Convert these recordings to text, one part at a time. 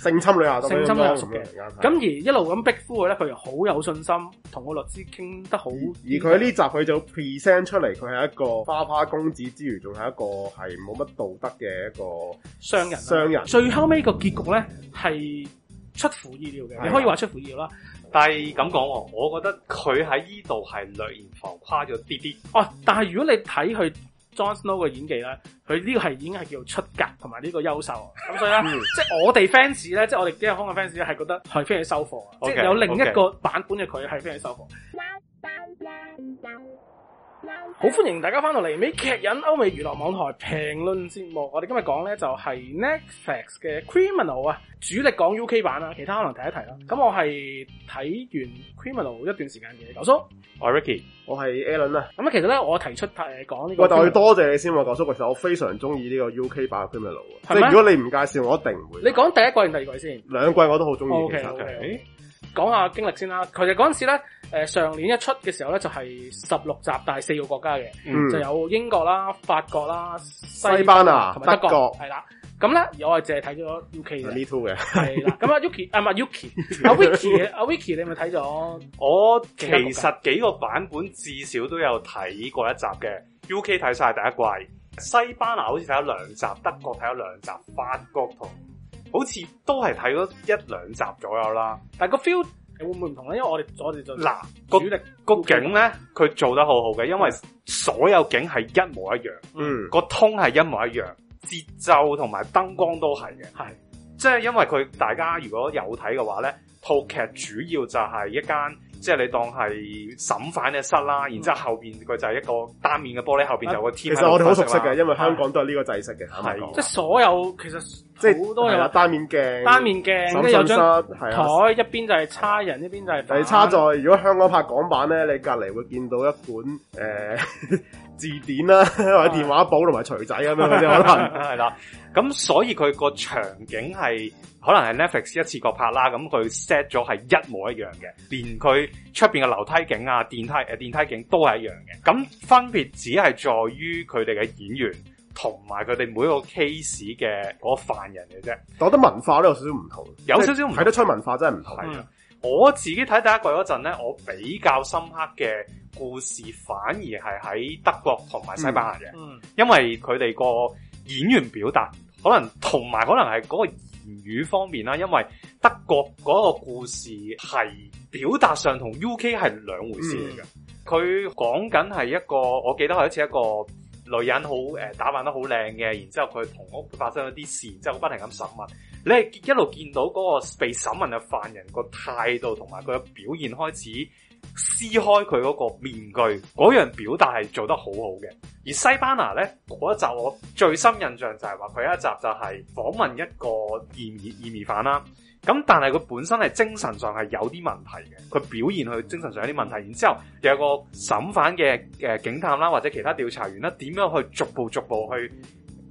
性侵女下屬嘅，咁而一路咁逼呼佢咧，佢又好有信心同個律師傾得好。而佢喺呢集佢就 present 出嚟，佢係一個花花公子之餘，仲係一個係冇乜道德嘅一個商人。商人最後尾個結局咧係出乎意料嘅，的你可以話出乎意料啦。的但係咁講喎，我覺得佢喺依度係略嫌浮誇咗啲啲。嗯、哦，但係如果你睇佢。Jon Snow 嘅演技咧，佢呢個係已經係叫出格同埋呢個優秀，咁所以咧， 即係我哋 fans 咧，即係我哋《Game of Thrones》fans 咧，係覺得係非常收貨，okay，即係有另一個版本嘅佢係非常收貨。 好歡迎大家返到嚟美劇癮歐美娛樂網台評論節目，我哋今日講咧就係 Netflix 嘅 Criminal 啊，主力講 U K 版啦，其他可能提一提啦。咁我係睇完 Criminal 一段時間嘅，嗯呃，九叔，我係 Ricky，我係 Alan 啦。咁其實咧我提出講呢個，我又要多謝你先喎，九叔。其實我非常中意呢個 U K 版嘅 Criminal，嗎即係如果你唔介紹，我一定唔會。你講第一季定第二季先？兩季我都好中意嘅。O K，講下經歷先啦。其實嗰陣時咧。誒上年一出嘅時候咧，就係十六集，但係四個國家嘅，就有英國啦、法國啦、西班牙同埋德國，係啦。咁咧，而我係淨係睇咗 U K 嘅，係啦。咁啊，U K 啊，唔係 U K，阿 Vicky，阿 Vicky，你係咪睇咗？我其實幾個版本至少都有睇過一集嘅，U K 睇晒第一季，西班牙好似睇咗兩集，德國睇咗兩集，法國同好似都係睇咗一兩集左右啦，但係個 feel，會唔會唔同咧？因為我哋我哋就嗱，個主力個景咧，佢做得好好嘅，因為所有景係一模一樣，嗯，個通係一模一樣，節奏同埋燈光都係嘅，係，即係因為佢大家如果有睇嘅話咧，套劇主要就係一間，即係你當係審犯嘅室啦，然之後後邊佢就係一個單面嘅玻璃，後邊就有個天窗。其實我哋好熟悉嘅，因為香港都係呢個制式嘅，係，即係所有其實。即係好多人話單面鏡，單面鏡，跟住有張台，啊、一邊就係差人，一邊就係。係差在，如果香港拍港版咧，你隔離會見到一本誒、欸、字典啦，或者電話簿同埋、啊、錘仔咁樣嘅可能係啦，咁所以佢個場景係可能係 Netflix 一次過拍啦，咁佢 set 咗係一模一樣嘅，連佢出邊嘅樓梯景啊、電梯誒、電梯景都係一樣嘅。咁分別只係在於佢哋嘅演員。同埋佢哋每一個 case 嘅個犯人嘅啫，我覺得文化都有，有少少唔同，有少少唔睇得出文化真係唔同。的嗯、我自己睇第一季嗰陣咧，我比較深刻嘅故事反而係喺德國同埋西班牙嘅，嗯嗯、因為佢哋個演員表達可能同埋可能係嗰個言語方面啦，因為德國嗰個故事係表達上同 U K 係兩回事嚟嘅，佢講緊係一個，我記得係一次一個。女人好誒、呃、打扮得好靚嘅，然之後佢同屋發生咗啲事，然之後不停咁審問。你係一路見到嗰個被審問嘅犯人個態度同埋佢個表現，開始撕開佢嗰個面具，嗰樣表達係做得好好嘅。而西班牙呢，嗰一集，我最深印象就係話佢一集就係訪問一個嫌疑嫌疑犯啦。咁但係佢本身係精神上係有啲問題嘅，佢表現佢精神上有啲問題，然之後有個審犯嘅誒警探啦，或者其他調查員啦，點樣去逐步逐步去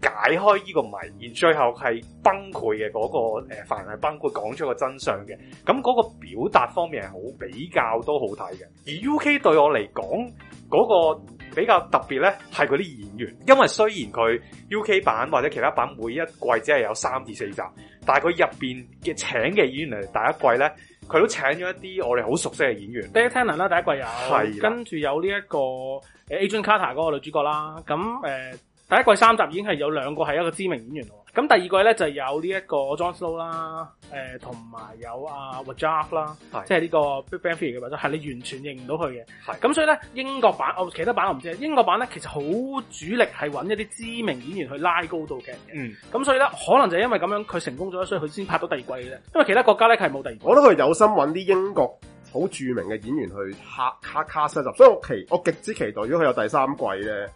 解開呢個謎，然後最後係崩潰嘅嗰個誒，犯人崩潰講出個真相嘅，咁嗰個表達方面係好比較都好睇嘅。而 UK 對我嚟講，嗰個比較特別呢係佢啲演員，因為雖然佢 UK 版或者其他版每一季只係有三至四集。但係佢入邊嘅請嘅演員嚟，第一季咧，佢都請咗一啲我哋好熟悉嘅演員，第一 Tennant 啦，第一季有，是的 跟住有呢、這、一個誒 Agent Carter 嗰個女主角啦，咁誒、呃、第一季三集已經係有兩個係一個知名演員喎。咁第二季咧就有呢一個 Jon Snow 啦，誒同埋有阿、啊、Wojak 啦，是即係呢個 Big Bang Theory 嘅角色，係你完全認唔到佢嘅。咁是所以咧英國版，我其他版我唔知。英國版咧其實好主力係揾一啲知名演員去拉高度嘅。咁、嗯、所以咧可能就係因為咁樣佢成功咗，所以佢先拍到第二季嘅。因為其他國家咧佢係冇第二季。季。我都佢有心揾啲英國好著名嘅演員去客卡卡飾入，所以我期我極之期待，如果佢有第三季咧。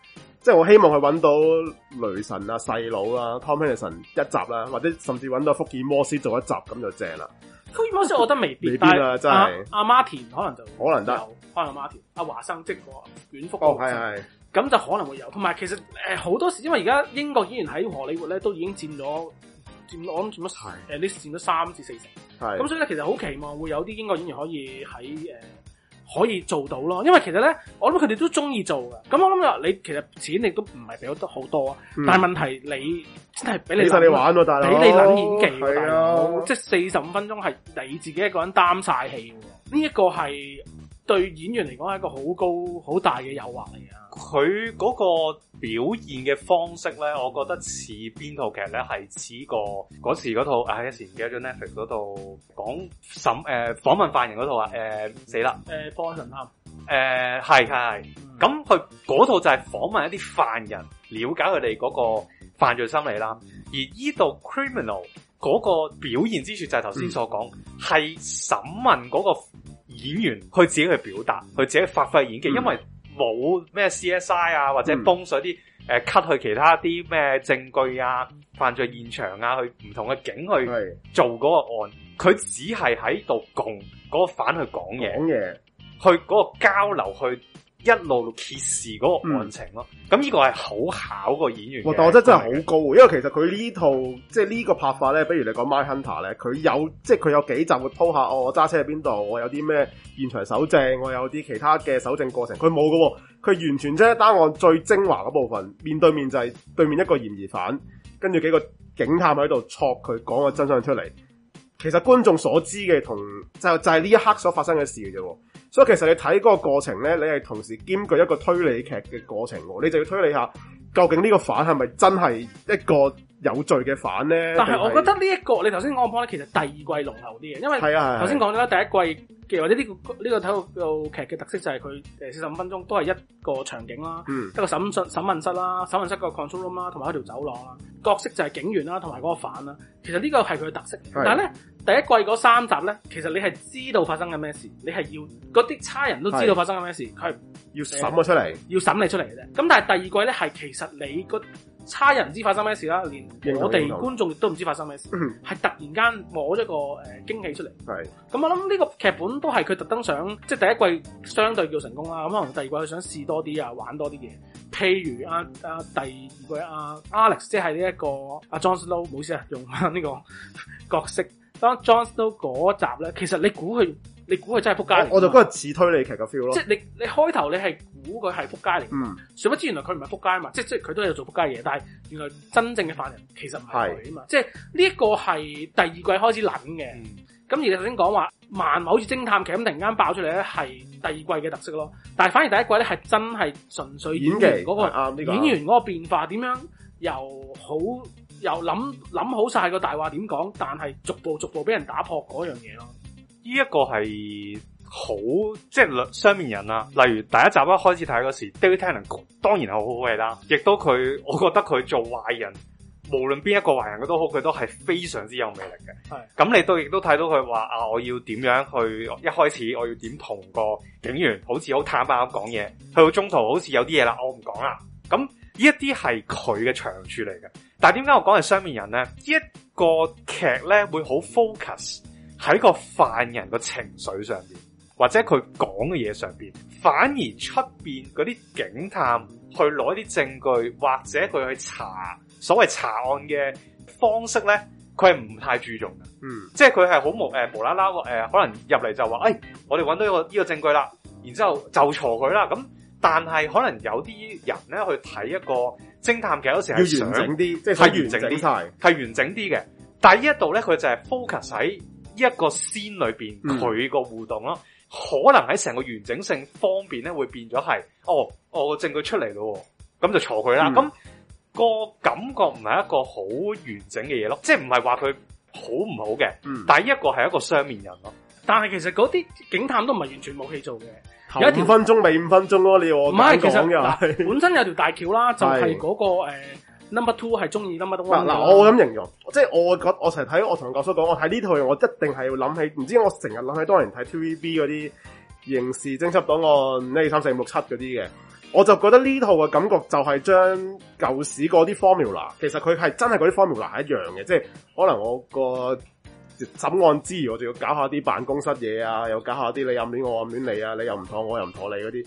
即係我希望佢揾到雷神啊、細佬啊、Tom Hiddleston 一集啦、啊，或者甚至揾到福爾摩斯做一集咁就正啦。福爾摩斯我覺得未必， 未必啊、真但係阿 m 阿馬田可能就可能有，可能阿馬田阿華生即個遠福卷福嗰個，咁、哦、就可能會有。同埋其實誒好、呃、多時，因為而家英國演員喺荷里活咧都已經佔咗佔，我諗佔咗誒你佔咗三至四成，係咁是是所以咧其實好期望會有啲英國演員可以喺誒。呃可以做到咯，因為其實咧，我諗佢哋都中意做嘅。咁我諗啊，你其實錢亦都唔係俾咗得好多你你玩啊。但係問題你真係俾你俾你玩喎，大佬，俾你撚演技喎、啊。係、啊、即係四十五分鐘係你自己一個人擔晒戲喎。呢一、嗯、個係。對演員嚟講係一個好高好大嘅誘惑嚟噶，佢嗰個表現嘅方式咧，我覺得似邊套劇咧，係似個嗰時嗰套啊，一時唔記得咗 Netflix 嗰套講審誒訪問犯人嗰套啊誒、呃、死啦誒《破案、呃、神探》誒係係係，咁佢嗰套就係訪問一啲犯人，了解佢哋嗰個犯罪心理啦。嗯、而依度 criminal 嗰個表現之處就係頭先所講，係審、嗯、問嗰、嗰個。演員去自己去表達，去自己發揮演技，嗯、因為冇咩 CSI 啊，或者幫上啲誒 cut 去其他啲咩證據啊、犯罪現場啊、去唔同嘅警去做嗰個案，佢的只係喺度共嗰、嗰個犯話去講嘢，去嗰個交流去。一路揭示嗰個案情咯，咁呢、嗯、個係好考個演員。但我真係真係好高，的因為其實佢呢套即係呢個拍法呢不如你講《Mindhunter》咧，佢有即係佢有幾集會鋪下，哦、我揸車喺邊度，我有啲咩現場搜證，我有啲其他嘅搜證過程，佢冇㗎喎，佢完全即係單案最精華嗰部分，面對面就係對面一個嫌疑犯，跟住幾個警探喺度戳佢講個真相出嚟。其實觀眾所知嘅同就就係呢一刻所發生嘅事嘅啫。所以其實你睇嗰個過程咧，你係同時兼具一個推理劇嘅過程喎，你就要推理下究竟呢個反係咪真係一個有罪嘅反咧？但係是 是我覺得呢、這、一個，你頭先講講其實第二季濃厚啲嘅，因為頭先講咗啦，第一季嘅或者呢、這個呢、這個睇、這個套、這個、劇嘅特色就係佢誒四十五分鐘都係一個場景啦，嗯、一個審訊審問室啦，審問室個 control room 啦，同埋一條走廊啦，角色就係警員啦，同埋嗰個反啦，其實呢個係佢嘅特色，是的 但係咧。第一季嗰三集咧，其實你係知道發生緊咩事，你係要嗰啲差人都知道發生緊咩事，佢要審我出嚟，要審理出嚟嘅啫。咁但係第二季咧，係其實你個差人知發生咩事啦，連我哋觀眾都唔知發生咩事，係突然間摸咗個誒驚喜出嚟。係咁，我諗呢個劇本都係佢特登想，即係第一季相對叫成功啦。咁可能第二季佢想試多啲啊，玩多啲嘢。譬如阿阿第二季阿 Alex，即係呢一個阿 John Snow 冇事啊，用呢個角色。當 Jon Snow 嗰集咧，其實你估佢，你估佢真係撲街。我我就嗰個似推理劇嘅 feel 咯。即係你你開頭你係估佢係撲街嚟，嗯，殊不知原來佢唔係撲街啊嘛，即係即係佢都有做撲街嘢，但係原來真正嘅犯人其實唔係佢啊嘛。是即係呢一個係第二季開始諗嘅，咁、嗯、而頭先講話慢好似偵探劇咁，突然間爆出嚟咧係第二季嘅特色咯。但係反而第一季咧係真係純粹演員嗰、那個演技演員嗰個變化點樣由好。又諗諗好晒個大話點講，但係逐步逐步俾人打破嗰樣嘢咯。呢一個係好，即係雙面人啦、啊。例如第一集一開始睇嗰時，David Tennant、mm hmm. 當然係好好嘅啦。亦都佢，我覺得佢做壞人，無論邊一個壞人佢都好，佢都係非常之有魅力嘅。係咁、mm，hmm. 你都亦都睇到佢話啊，我要點樣去？一開始我要點同個警員好似好坦白咁講嘢，去、mm hmm. 到中途好似有啲嘢啦，我唔講啦。咁呢一啲係佢嘅長處嚟嘅。但係點解我講係雙面人呢？一個劇呢會好 focus 喺個犯人嘅情緒上邊，或者佢講嘅嘢上邊，反而出邊嗰啲警探去攞啲證據或者佢去查所謂查案嘅方式呢，佢係唔太注重嘅。嗯，即係佢係好無誒無啦啦誒，可能入嚟就話誒、哎，我哋揾到一個呢個證據啦，然之後就鋤佢啦。咁但係可能有啲人呢，去睇一個。偵探劇有時係想完整啲，係完整啲，係完整啲嘅。嗯、但係呢一度咧，佢就係 focus 喺一個 scene 裏邊佢個互動咯。可能喺成個完整性方面咧，會變咗係哦，我、哦、個證據出嚟咯，咁就錯佢啦。咁、嗯咁個感覺唔係一個好完整嘅嘢咯，即係唔係話佢好唔好嘅？嗯，但係一個係一個雙面人咯。但係其實嗰啲警探都唔係完全冇戲做嘅。一條分鐘未五分鐘咯，你我唔係其實是 本身有條大橋啦，就係、是、嗰、那個是、uh, number two 係中意 number 嗱，我咁形容，即係我覺我成日睇我同教授講，我睇呢套嘢，我一定係會諗起，唔知我成日諗起當年睇 TVB 嗰啲《刑事偵緝檔案》一二三四五六七嗰啲嘅，我就覺得呢套嘅感覺就係將舊時嗰啲 formula，其實佢係真係嗰啲 formula 一樣嘅，即係可能我個。審案之餘，我仲要搞下啲辦公室嘢啊，又搞下啲你暗戀我暗戀你啊，你又唔妥我，我又唔妥你嗰啲。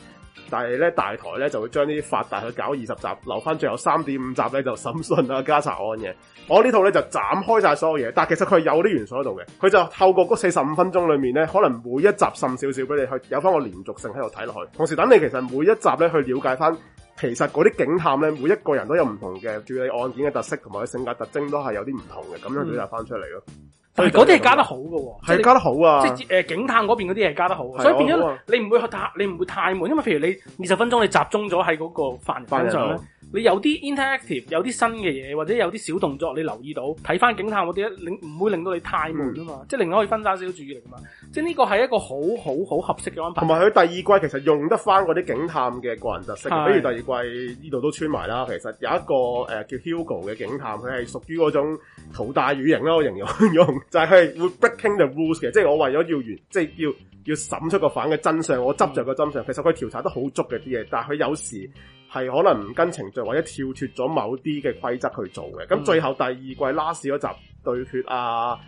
但係咧大台咧就會將呢啲發達去搞二十集，留翻最後三點五集咧就審訊啊加查案嘅。我呢套咧就斬開晒所有嘢，但係其實佢有啲元素喺度嘅。佢就透過嗰四十五分鐘裏面咧，可能每一集滲少少俾你去有翻個連續性喺度睇落去。同時等你其實每一集咧去了解翻，其實嗰啲警探咧每一個人都有唔同嘅處理案件嘅特色，同埋佢性格特徵都係有啲唔同嘅，咁樣表達翻出嚟咯。嗯但嗰啲係加得好嘅，係加得好啊！好，即係誒、呃，警探嗰邊嗰啲係加得好，的所以變咗你唔會太你唔會太悶，因為譬如你二十分鐘你集中咗喺嗰個犯人身上咧。你有啲 interactive，有啲新嘅嘢，或者有啲小動作，你留意到睇翻警探嗰啲，令唔會令到你太悶啊嘛、嗯、嘛，即係另外可以分散少少注意力啊嘛。即係呢個係一個好好好合適嘅安排。同埋佢第二季其實用得翻嗰啲警探嘅個人特色，是的 比如第二季呢度都穿埋啦。其實有一個誒、呃、叫 Hugo 嘅警探，佢係屬於嗰種頭戴羽型啦，我形容用 就係會 breaking the rules 嘅，即係我為咗要完，即係要要審出個犯嘅真相，我執着個真相。其實佢調查得好足嘅啲嘢，但係佢有時。係可能唔跟程序或者跳脫咗某啲嘅規則去做嘅，咁、嗯、最後第二季 last 嗰集對決啊，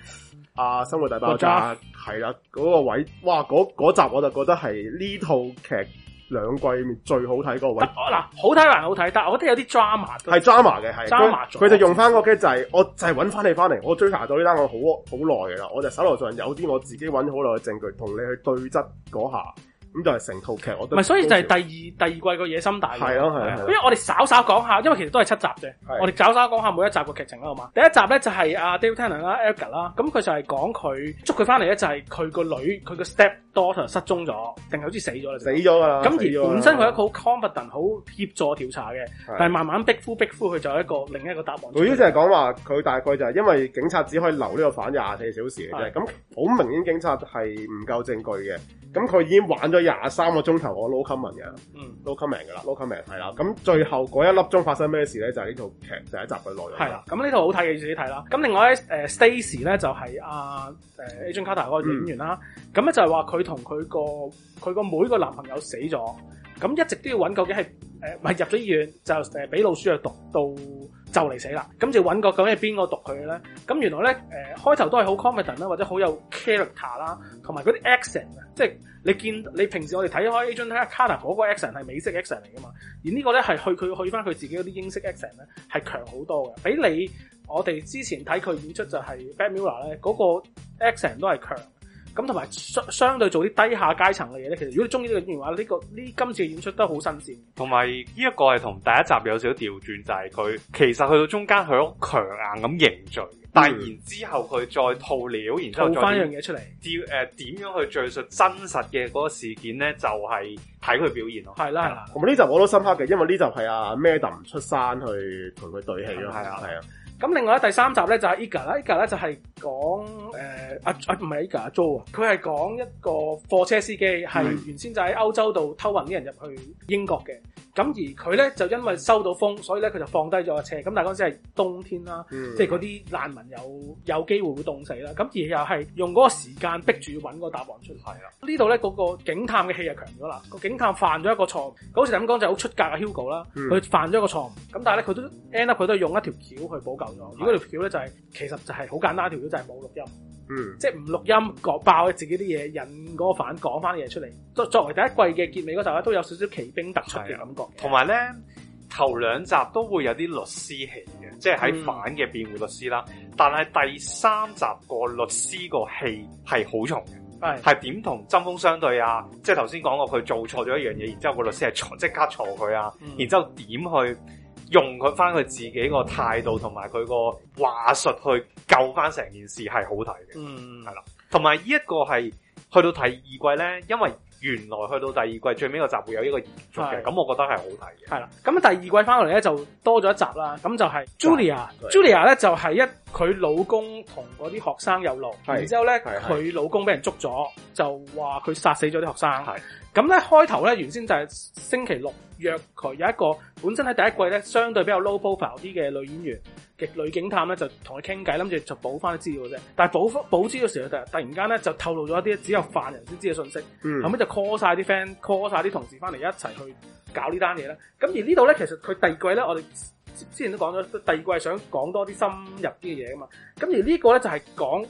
啊生活大爆炸係啦嗰個位，哇嗰集我就覺得係呢套劇兩季裏面最好睇，嗰個位，嗱好睇還好睇，但係我真係有啲 drama，係 drama 嘅係 drama，佢就用翻個 case、就係、我就係揾翻你翻嚟，我追查到呢單我好好耐噶啦，我就手頭上有啲我自己揾好耐嘅證據，同你去對質嗰下。咁就係成套劇我都，唔係，所以就係第二 第二季個野心大。係咯係，因為、啊啊啊啊、我哋稍稍講下，因為其實都係七集嘅，啊、我哋稍稍講下每一集個劇情啦，好嘛？第一集咧就係阿 David Tennant 啦，Elsa 啦，咁佢就係講佢捉佢翻嚟咧，就係佢個女佢個 step daughter 失蹤咗，定係好似死咗啦？死咗啦！咁而本身佢一個好 confident 好協助調查嘅，但係慢慢逼夫逼呼，佢就有一個另一個答案。佢要就係講話佢大概就係因為警察只可以留呢個反廿四小時嘅啫，咁好明顯警察係唔夠證據嘅。咁佢已經玩咗廿三個鐘頭，我 no comment 嘅，no comment 嘅啦 no comment 係啦。咁最後嗰一粒鐘發生咩事咧？就係呢套劇第一集嘅內容。係啦，咁呢套好睇嘅，你自己睇啦。咁另外咧，誒 Stacy 咧就係阿誒 Agent Carter 嗰個演員啦。咁咧就係話佢。同佢個佢個妹個男朋友死咗，咁一直都要揾究竟係誒，唔、呃、入咗醫院，就成俾、呃、老鼠藥毒到就嚟死啦，咁就揾個究竟係邊個毒佢嘅咧？咁原來咧誒，開、呃、頭都係好 competent 啦，或者好有 character 啦，同埋嗰啲 accent，即係你見你平時我哋睇開 agent character 嗰個 accent 係美式 accent 嚟噶嘛，而呢個咧係去佢去翻佢自己嗰啲英式 accent 咧係強好多嘅，比你我哋之前睇佢演出就係 b a t m i a r 咧嗰個 accent 都係強。咁同埋相相對做啲低下階層嘅嘢咧，其實如果你中意呢個演員話呢、這個呢今次嘅演出都好新鮮。同埋呢一個係同第一集有少少調轉，就係、是、佢其實去到中間佢好強硬咁認罪。嗯、但然之後佢再套料，然之後吐翻一樣嘢出嚟。要誒點樣去追述真實嘅嗰個事件咧？就係睇佢表現咯。係啦，係啦。咁呢集我都深刻嘅，因為呢集係阿 Madam 出山去同佢對戲咯。係啊，係啊。的的咁另外咧，第三集咧，就係 Eager 啦，Eager 咧，就係講誒阿阿唔係 Eager，阿 Jo 啊，佢係講一個貨車司機係原先就喺歐洲度偷運啲人入去英國嘅。咁而佢咧，就因為收到風，所以咧佢就放低咗個車，咁但嗰陣時係冬天啦，即係嗰啲難民有有機會會凍死啦，咁而又係用嗰個時間逼住要揾個答案出嚟。係啦，呢度咧，嗰個警探嘅氣就強咗啦，個警探犯咗一個錯誤，好似咁講就好出格嘅 Hugo 啦，佢犯咗一個錯誤，咁但係咧佢都 end up 佢都用一條橋去補救。如果條橋咧就係、是、是的 其實就係好簡單，條橋就係、是、冇錄音，嗯，即係唔錄音，講爆自己啲嘢，引嗰個反講翻嘢出嚟。作作為第一季嘅結尾嗰集咧，都有少少奇兵突出嘅感覺。同埋咧，嗯、頭兩集都會有啲律師戲嘅，即係喺反嘅辯護律師啦。嗯、但係第三集個律師個戲係好重嘅，係點同針鋒相對啊？即係頭先講過佢做錯咗一樣嘢，嗯、然之後個律師係即刻錯佢啊，嗯、然之後點去？用佢翻佢自己個態度同埋佢個話術去救翻成件事，係好睇嘅。嗯，嗯，係啦，同埋呢一個係去到第二季呢，因為。原來去到第二季最尾個集會有呢個延續嘅，咁是的 我覺得係好睇嘅。係啦，咁第二季翻落嚟咧就多咗一集啦，咁就係 Julia，Julia 咧就係、是、一佢老公同嗰啲學生有路，是的 然之後咧佢是的 老公俾人捉咗，就話佢殺死咗啲學生。係咁咧，開頭咧原先就係星期六約佢有一個，本身喺第一季咧相對比較 low profile 啲嘅女演員。極女警探咧就同佢傾偈，諗住就補翻啲資料嘅啫。但係補翻補資料嘅時候，突然突然間咧就透露咗一啲只有犯人先知嘅信息。嗯、後尾就 call 晒啲 friend，call 晒啲同事翻嚟一齊去搞呢單嘢咧。咁而呢度咧，其實佢第二季咧，我哋之前都講咗，第二季想講多啲深入啲嘅嘢噶嘛。咁而個呢個咧就係、是、講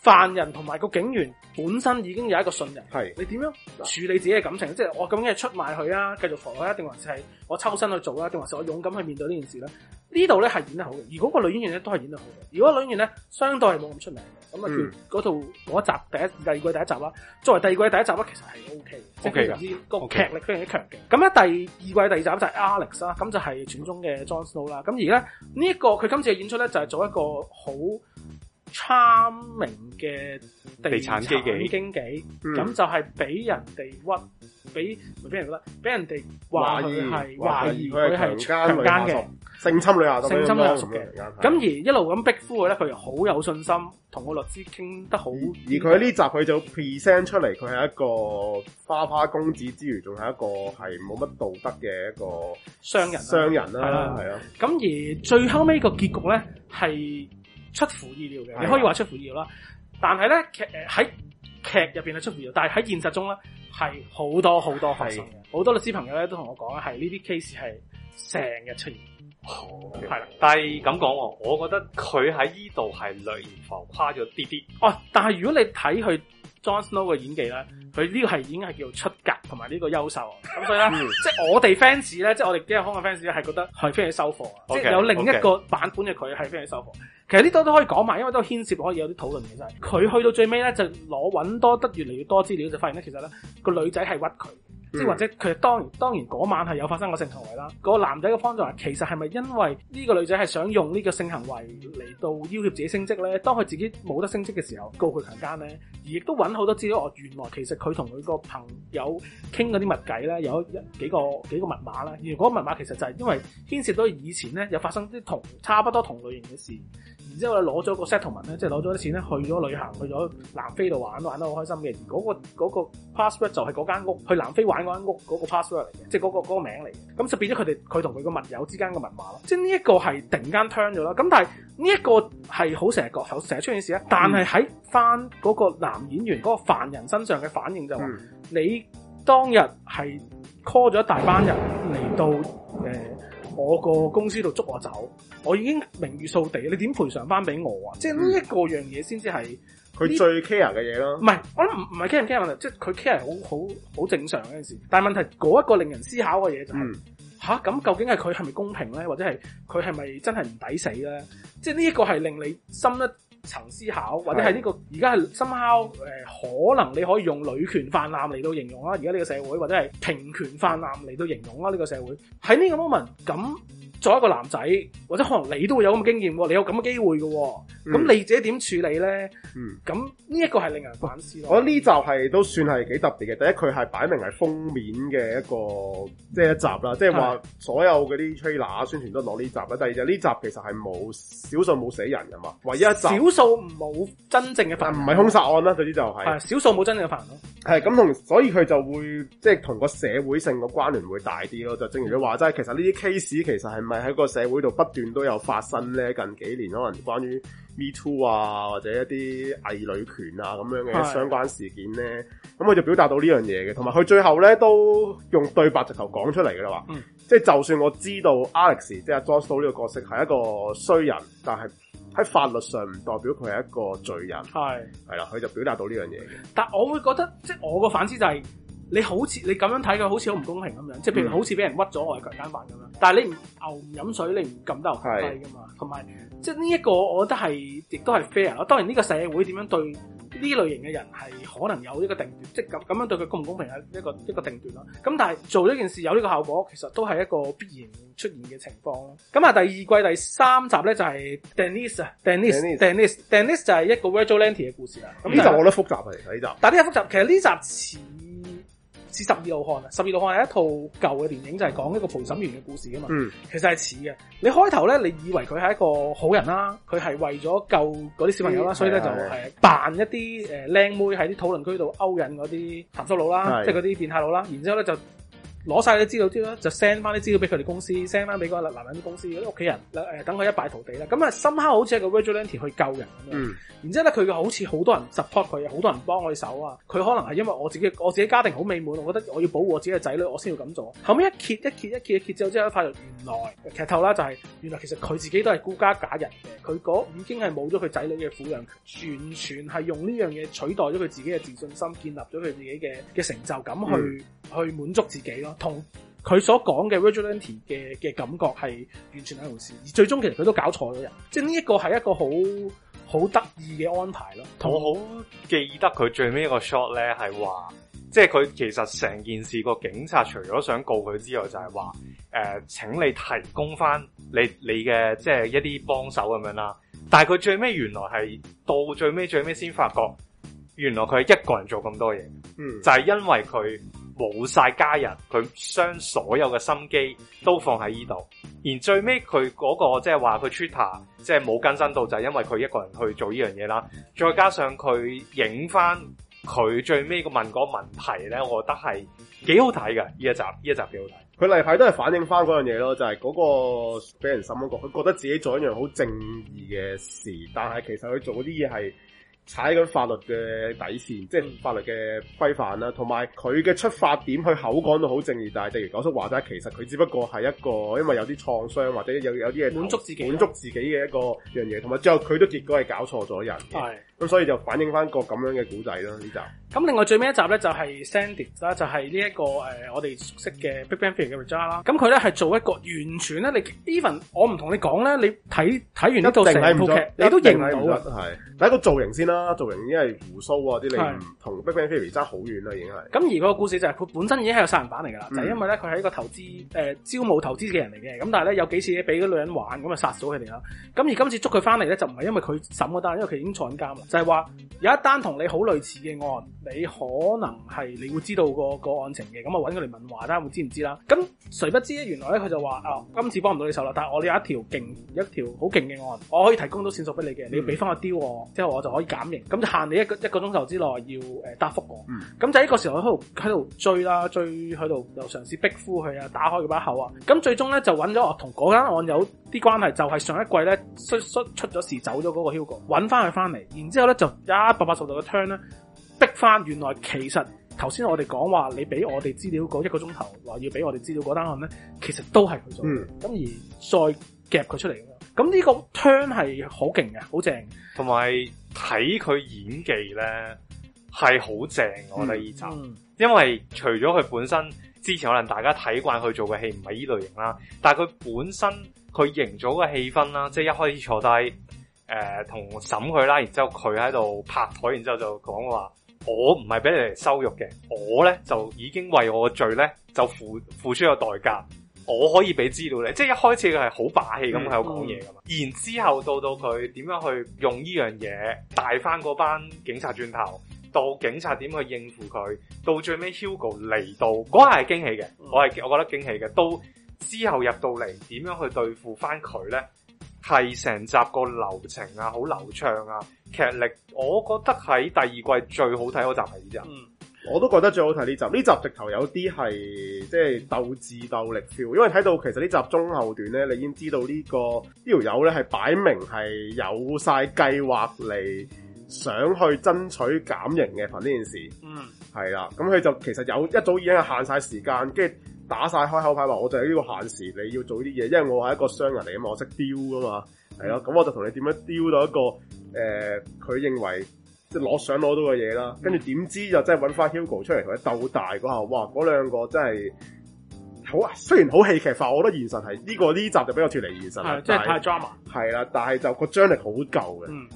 犯人同埋個警員本身已經有一個信任。係是你點樣處理自己嘅感情？是即係我咁嘅出賣佢啊，繼續防佢啊，定還是係我抽身去做啦、啊？定還是我勇敢去面對呢件事咧？呢度咧係演得好嘅，而嗰個女演員咧都係演得好嘅。如果女演員咧，相對係冇咁出名嘅。咁啊、嗯，佢嗰套集第一第二季第一集啦，作為第二季第一集啦，其實係 O K 嘅，okay、的即係唔知嗰個劇力非常之強嘅。咁咧、okay、的第二季第二集就 Alex 啦，咁就係傳中嘅 John Snow 啦。咁而家呢一個佢今次嘅演出咧就係做一個好 charming 嘅地產經紀，咁、嗯、就係俾人哋屈。俾咪俾人覺得，俾人哋懷疑係懷疑佢係奸奸嘅性侵女亞當，性侵女亞嘅。咁而一路咁逼呼佢咧，佢又好有信心同個律師傾得好。而佢呢集佢就 present 出嚟，佢係一個花花公子之餘，仲係一個係冇乜道德嘅一個商人。商人啦，係啊。咁而最後尾個結局咧係出乎意料嘅，你可以話出乎意料啦。但係咧，劇喺。劇入邊咧出乎意料，但係喺現實中咧係好多好多發生嘅。好的多律師朋友咧都同我講啊，係呢啲 case 係成日出現，係啦、oh, okay. 的。但係咁講我覺得佢喺依度係略而浮誇咗啲啲。哦，但係如果你睇佢 Jon Snow 嘅演技咧，佢呢、mm. 個係已經係叫出格同埋呢個優秀。咁所以咧、mm.，即係我哋 fans 咧，即係我哋啲香港 fans 咧，係覺得係非常收貨啊！即係 Okay, 有另一個版本嘅佢係非常收貨。其實呢多都可以講埋，因為都牽涉可以有啲討論嘅。就係、是、佢去到最尾呢，就攞揾多得越嚟越多資料，就發現呢，其實呢個女仔係屈佢，即係、嗯、或者佢當然當然嗰晚係有發生，過性、那個、生，是是個，生個性行為啦。個男仔嘅方就話其實係咪因為呢個女仔係想用呢個性行為嚟到要挾自己升職呢？當佢自己冇得升職嘅時候告佢強姦呢，而亦都揾好多資料，哦原來其實佢同佢個朋友傾嗰啲物偈呢，有一幾個幾個密碼啦。而嗰個密碼其實就係因為牽涉到以前呢，有發生啲同差不多同類型嘅事。之後咧攞咗個 settlement 咧，即係攞咗啲錢咧，去咗旅行，去咗南非度玩，玩得好開心嘅。嗰個嗰個 password 就係嗰間屋，去南非玩嗰間屋嗰個 password 嚟嘅，即係嗰個名嚟嘅。咁就變咗佢哋佢同佢個密友之間嘅密碼咯。即係呢一個係突然間 turn 咗啦。咁但係呢一個係好成日個，成日出現嘅事咧。但係喺翻嗰個男演員嗰個犯人身上嘅反應就話、是：嗯、你當日係 call 咗一大班人嚟到誒。呃我個公司度捉我走，我已經名譽掃地，你點賠償翻俾我啊？嗯、即係呢一個樣嘢先至係佢最 care 嘅嘢咯。唔係，我諗唔唔係 care 唔 care 問題，即係佢 care 好好好正常嗰件事。但係問題嗰一個令人思考嘅嘢就係、是、吓，咁、嗯啊、究竟係佢係咪公平咧？或者係佢係咪真係唔抵死咧？即係呢一個係令你心一。層思考，或者係呢、這個而家係深究誒，可能你可以用女權泛濫嚟到形容啦、啊。而家呢個社會，或者係平權泛濫嚟到形容啦、啊。呢、這個社會喺呢個 moment 咁。作做一個男仔，或者可能你都會有咁嘅經驗，你有咁嘅機會嘅，咁、嗯、你自己點處理咧？咁呢一個係令人反思咯。我覺得呢集係都算係幾特別嘅。第一，佢係擺明係封面嘅一個即係一集啦，即係話所有嗰啲 trailer 宣傳都攞呢集啦。第二就呢集其實係冇少數冇死人嘅嘛，唯一少數冇真正嘅犯，唔係兇殺案啦。總啲就係、是、少數冇真正嘅犯咯。係咁同所以佢就會即係同個社會性嘅關聯會大啲咯。就正如你話齋，其實呢啲 case 其實係。咪喺個社會度不斷都有發生呢。近幾年可能關於 Me Too 啊或者一啲偽女權啊咁樣嘅相關事件呢，咁佢是的 就表達到呢樣嘢嘅，同埋佢最後呢都用對白直頭講出嚟嘅啦，話即係就算我知道 Alex 即係阿 Jon Snow 呢個角色係一個衰人，但係喺法律上唔代表佢係一個罪人，係係啦，佢就表達到呢樣嘢嘅。但我會覺得即係、就是、我個反思就係、是。你好似你咁樣睇佢，好似好唔公平咁樣，即係譬如好似俾人屈咗我係強姦犯咁樣。但係你唔牛唔飲水，你唔撳得牛頭低㗎嘛。同埋是 即係呢一個，我覺得係亦都係 fair 咯。當然呢個社會點樣對呢類型嘅人係可能有呢個定斷，即係咁咁樣對佢公唔公平嘅一個一個，一個定斷咯。咁但係做咗件事有呢個效果，其實都係一個必然出現嘅情況。咁、嗯、啊，第二季第三集咧就係、嗯、Denise 啊，Denise，Denise，Denise 就係一個 vigilante 嘅故事啦。咁、嗯、呢集我都複雜係，呢集。但係呢集複雜，其實呢集似。似十二怒漢啊！十二怒漢係一套舊嘅電影，就係、是、講一個陪審員嘅故事啊嘛。嗯、其實係似嘅。你開頭咧，你以為佢係一個好人啦，佢係為咗救嗰啲小朋友啦，嗯、所以咧、嗯、就係扮一啲誒靚妹喺啲討論區度勾引嗰啲鹹濕佬啦，即係嗰啲變態佬啦，的然之後咧就，攞晒啲資料之後咧，就 send 翻啲資料俾佢哋公司，send 翻俾嗰個男人公司啲屋企人，誒等佢一敗塗地啦。咁啊，深刻好似係個 vigilante 去救人咁樣。嗯、然之後咧，佢好似好多人 support 佢，好多人幫佢手啊。佢可能係因為我自己，我自己家庭好美滿，我覺得我要保護我自己嘅仔女，我先要咁做。後尾一揭，一揭，一揭，一揭咗之後，發覺原來劇透啦，就係、是、原來其實佢自己都係孤家寡人嘅。佢嗰已經係冇咗佢仔女嘅撫養權，完全係用呢樣嘢取代咗佢自己嘅自信心，建立咗佢自己嘅嘅成就感去。嗯去滿足自己咯，同佢所講嘅 vigilante 嘅嘅感覺係完全係兩回事。而最終其實佢都搞錯咗人，即係呢一個係一個好好得意嘅安排咯。嗯、我好記得佢最尾一個 shot 咧，係話，即係佢其實成件事個警察除咗想告佢之外就，就係話，誒請你提供翻你你嘅即係一啲幫手咁樣啦。但係佢最尾原來係到最尾最尾先發覺，原來佢係一個人做咁多嘢。嗯，就係因為佢。冇晒家人，佢將所有嘅心機都放喺呢、那個、度，而最尾佢嗰個即係話佢 Twitter 即係冇更新到，就係、是、因為佢一個人去做呢樣嘢啦。再加上佢影翻佢最尾個問嗰個問題咧，我覺得係幾好睇嘅。呢一集呢一集幾好睇。佢例牌都係反映翻嗰樣嘢咯，就係、是、嗰個俾人審嗰個佢覺得自己做一樣好正義嘅事，但係其實佢做嗰啲嘢係。踩緊法律嘅底線，即係法律嘅規範啦，同埋佢嘅出發點佢口講到好正義，但係例如九叔話齋，其實佢只不過係一個因為有啲創傷或者有有啲嘢滿足自己滿足自己嘅一個樣嘢，同埋最後佢都結果係搞錯咗人，係咁的，所以就反映翻個咁樣嘅古仔咯呢集。咁另外最尾一集咧就係 Sandy 啦，就係呢一個誒我哋熟悉嘅 Big Bang Theory 嘅 Raj 啦。咁佢咧係做一個完全咧，你 Even 我唔同你講咧，你睇睇完都做成套劇，你都認唔到。係第一個造型先啦，造型已經係鬍鬚啊啲，你唔同 Big Bang Theory 差好遠咯，應該、嗯。咁而個故事就係、是、佢本身已經係殺人犯嚟噶啦，就是、因為咧佢係一個投資誒、呃、招募投資嘅人嚟嘅。咁但係咧有幾次俾嗰女人玩，咁就殺咗佢哋啦。咁而今次捉佢翻嚟咧就唔係因為佢審嗰單，因為佢已經坐緊監啦。就係、是、話有一單同你好類似嘅案。你可能係你會知道個個案情嘅，咁啊揾佢嚟問話啦，會知唔知啦？咁誰不知咧？原來咧佢就話啊、哦，今次幫唔到你手啦，但係我哋有一條勁一條好勁嘅案，我可以提供到線索俾你嘅，你要俾翻我啲，之後我就可以減刑。咁就限你一個一個鐘頭之內要誒答覆我。咁就喺個時候喺度喺度追啦，追喺度又嘗試逼呼佢啊，打開佢把口啊。咁最終咧就揾咗我同嗰間案有啲關係，就係、是、上一季咧出咗事走咗嗰個 Hugo，揾翻佢翻嚟，然之後咧就一百八十度嘅 turn 咧，逼翻，原來其實頭先我哋講話你俾我哋資料嗰一個鐘頭話要俾我哋資料嗰單案呢，其實都係佢做。咁、嗯、而再夾佢出嚟，咁呢個 turn 係好勁嘅，好正。同埋睇佢演技呢，係好正，我第二集。嗯嗯、因為除咗佢本身之前可能大家睇慣佢做嘅戲唔係呢類型啦，但係佢本身佢營造嘅氣氛啦，即係一開始坐低誒同審佢啦，然之後佢喺度拍台，然之後就講話。我唔係俾你哋羞辱嘅，我呢，就已經為我嘅罪呢，就付付出個代價。我可以俾資料你，即係一開始佢係好霸氣咁喺度講嘢噶嘛，然之後到到佢點樣去用呢樣嘢帶翻嗰班警察轉頭，到警察點去應付佢，到最尾 Hugo 嚟到嗰下係驚喜嘅，嗯、我係我覺得驚喜嘅。到之後入到嚟點樣去對付翻佢呢？係成集個流程啊，好流暢啊，劇力，我覺得喺第二季最好睇嗰集係呢集。嗯，我都覺得最好睇呢集。呢集直頭有啲係即係鬥智鬥力 feel，因為睇到其實呢集中後段呢，你已經知道、這個這個、呢個呢條友呢係擺明係有晒計劃嚟想去爭取減刑嘅份。呢件事。嗯，係啦，咁佢就其實有一早已經限晒時間，跟。打晒開口牌話，我就係呢個限時，你要做呢啲嘢，因為我係一個商人嚟嘅嘛，我識 deal 嘅嘛，係咯。咁我就同你點樣 deal 到一個誒，佢認為即攞相攞到嘅嘢啦。跟住點知就真係揾翻 Hugo 出嚟同佢鬥大嗰下，哇！嗰兩個真係好，雖然好戲劇化，我覺得現實係呢個呢集就比較脫離現實即係太 drama。係啦，但係就個張力好夠嘅。嗯，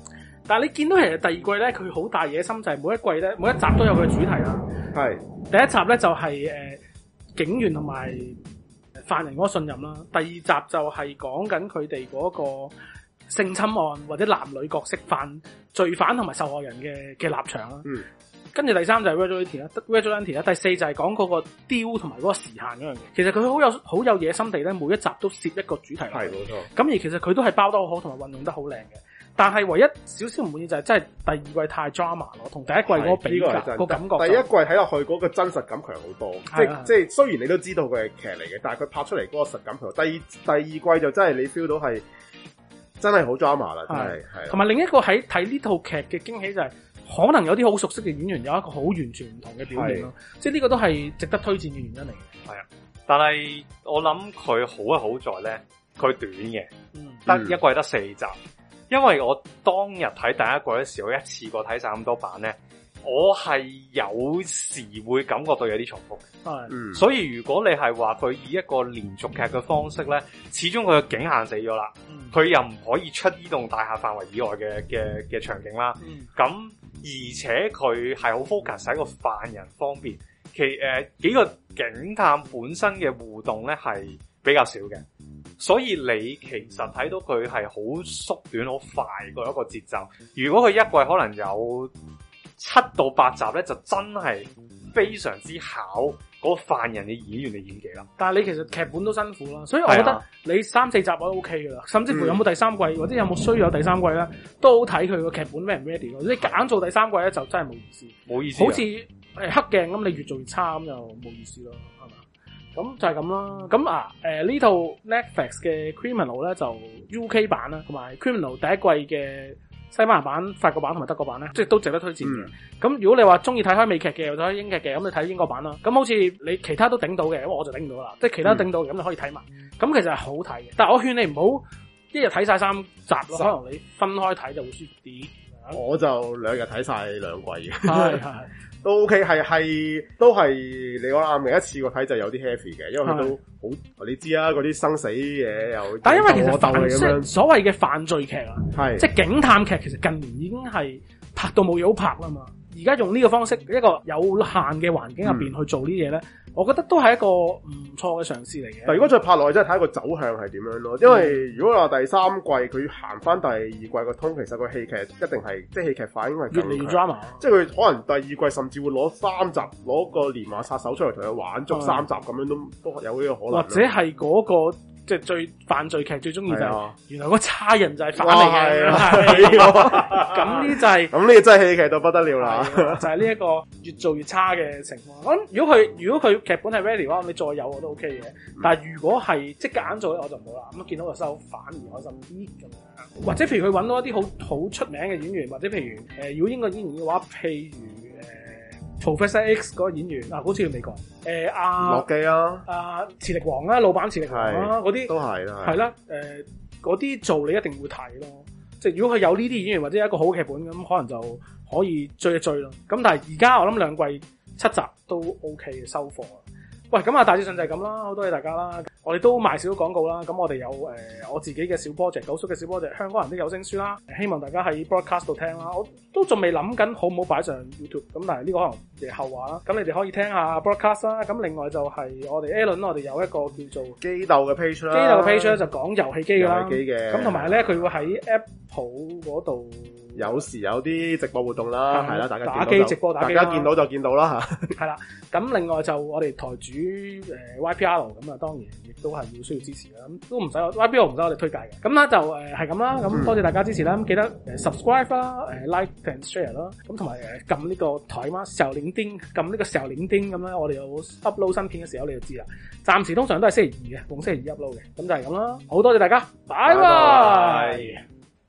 但係你見到其實第二季咧，佢好大野心，就係每一季咧，每一集都有佢嘅主題啦。係第一集咧，就係誒。警員同埋犯人嗰個信任啦。第二集就係講緊佢哋嗰個性侵案，或者男女角色犯罪犯、同埋受害人嘅嘅立場啦。嗯。跟住第三就係 reality 啦，reality 啦。第四就係講嗰個雕同埋嗰個時限嗰樣嘢。其實佢好有好有野心地咧，每一集都設一個主題。係冇錯。咁而其實佢都係包得好好，同埋運用得好靚嘅。但係唯一少少唔滿意就係，真係第二季太 drama 咯，同第一季嗰個比較個感覺。第一季睇落去嗰個真實感強好多，即係即係雖然你都知道佢係劇嚟嘅，但係佢拍出嚟嗰個實感強。第第二季就真係你 feel 到係真係好 drama 啦，係係。同埋另一個喺睇呢套劇嘅驚喜就係，可能有啲好熟悉嘅演員有一個好完全唔同嘅表現咯，即係呢個都係值得推薦嘅原因嚟嘅。係啊，但係我諗佢好嘅好在呢，佢短嘅，嗯，得一季得四集。因為我當日睇第一季嘅時候，我一次過睇晒咁多版呢，我係有時會感覺到有啲重複。係，嗯。所以如果你係話佢以一個連續劇嘅方式呢，始終佢嘅警限死咗啦，佢、嗯、又唔可以出呢棟大廈範圍以外嘅嘅嘅場景啦。咁、嗯、而且佢係好 focus 喺個犯人方面，其誒、呃、幾個警探本身嘅互動呢係比較少嘅。所以你其實睇到佢係好縮短、好快嘅一個節奏。如果佢一季可能有七到八集呢，就真係非常之考嗰個犯人嘅演員嘅演技啦。但係你其實劇本都辛苦啦，所以我覺得你三四集我都 OK 嘅啦。甚至乎有冇第三季，嗯、或者有冇需要有第三季呢，都睇佢個劇本 ready 唔 ready。你夾硬做第三季呢，就真係冇意思，冇意思。好似黑鏡咁，你越做越差咁，就冇意思咯，係嘛？咁就係咁啦，咁啊，誒、呃、呢套 Netflix 嘅 Criminal 咧就 U K 版啦，同埋 Criminal 第一季嘅西班牙版、法國版同埋德國版咧，即係都值得推薦嘅。咁、嗯、如果你話中意睇開美劇嘅，睇開英劇嘅，咁你睇英國版啦。咁好似你其他都頂到嘅，咁我就頂唔到啦，即係其他頂到，咁、嗯、你可以睇埋。咁其實係好睇嘅，但係我勸你唔好一日睇晒三集咯，的可能你分開睇就會舒服啲。我就兩日睇晒兩季嘅。係係。 的都 OK，係係都係你講啱明，一次過睇就有啲 heavy 嘅，因為佢都好的你知啦，嗰啲生死嘢又，但係因為其實就即係所謂嘅犯罪劇啊，係的即係警探劇，其實近年已經係拍到冇嘢好拍啦嘛，而家用呢個方式，一個有限嘅環境入邊去做呢啲嘢咧。嗯我覺得都係一個唔錯嘅嘗試嚟嘅。但如果再拍落去，真係睇下個走向係點樣咯。因為如果話第三季佢行返第二季個通，其實個戲劇一定係即係戲劇反應係越嚟越 drama。即係佢可能第二季甚至會攞三集攞個連環殺手出嚟同佢玩足三集咁的樣都都有呢個可能。或者係嗰、那個。即係最犯罪劇最中意就係原來嗰差人就係犯嚟嘅，咁呢就係咁呢，真係戲劇到不得了啦、啊！就係呢一個越做越差嘅情況。咁 如果佢如果佢劇本係 ready 嘅話，你再有我都 OK 嘅。但係如果係即夾硬做咧，我就冇啦。咁見到個收反而開心啲咁樣。或者譬如佢揾到一啲好好出名嘅演員，或者譬如誒、呃，如果英國演員嘅話，譬如。Professor X 嗰個演員，嗱，好似美國，誒阿洛基啊，阿磁力王啦，老版磁力王啊，嗰啲、啊、是些都係啦，係啦，誒嗰啲做你一定會睇咯，即係如果佢有呢啲演員或者一個好劇本咁，可能就可以追一追咯。咁但係而家我諗兩季七集都 OK 收貨。喂，咁啊，大致上就係咁啦，好多謝大家啦。我哋都賣少少廣告啦。咁我哋有誒、呃、我自己嘅小 project，九叔嘅小 project，香港人啲有聲書啦。希望大家喺 broadcast 度聽啦，我都仲未諗緊好唔好擺上 YouTube。咁但係呢個可能係後話啦。咁你哋可以聽下 broadcast 啦。咁另外就係我哋 Alan，我哋有一個叫做機鬥嘅 page 啦。機鬥嘅 page 咧就講遊戲機啦。遊戲機嘅咁同埋咧，佢會喺 Apple 嗰度。有時有啲直播活動啦，係啦、嗯，大家打機直播打機，大家見到就見到啦嚇。係啦、嗯，咁 另外就我哋台主誒 YPR 咁啊，呃、PL，當然亦都係要需要支持、呃、啦。咁都唔使我 YPR 唔使我哋推介嘅。咁咧就誒係咁啦。咁多謝大家支持啦。咁、嗯、記得誒 subscribe 啦，誒、嗯 uh, like and share 咯。咁同埋撳呢個台嗎？鈴鐺撳呢個鈴鐺咁咧，我哋有 upload 新片嘅時候你就知啦。暫時通常都係星期二嘅，逢星期二 upload 嘅。咁就係咁啦。好多謝大家，拜拜。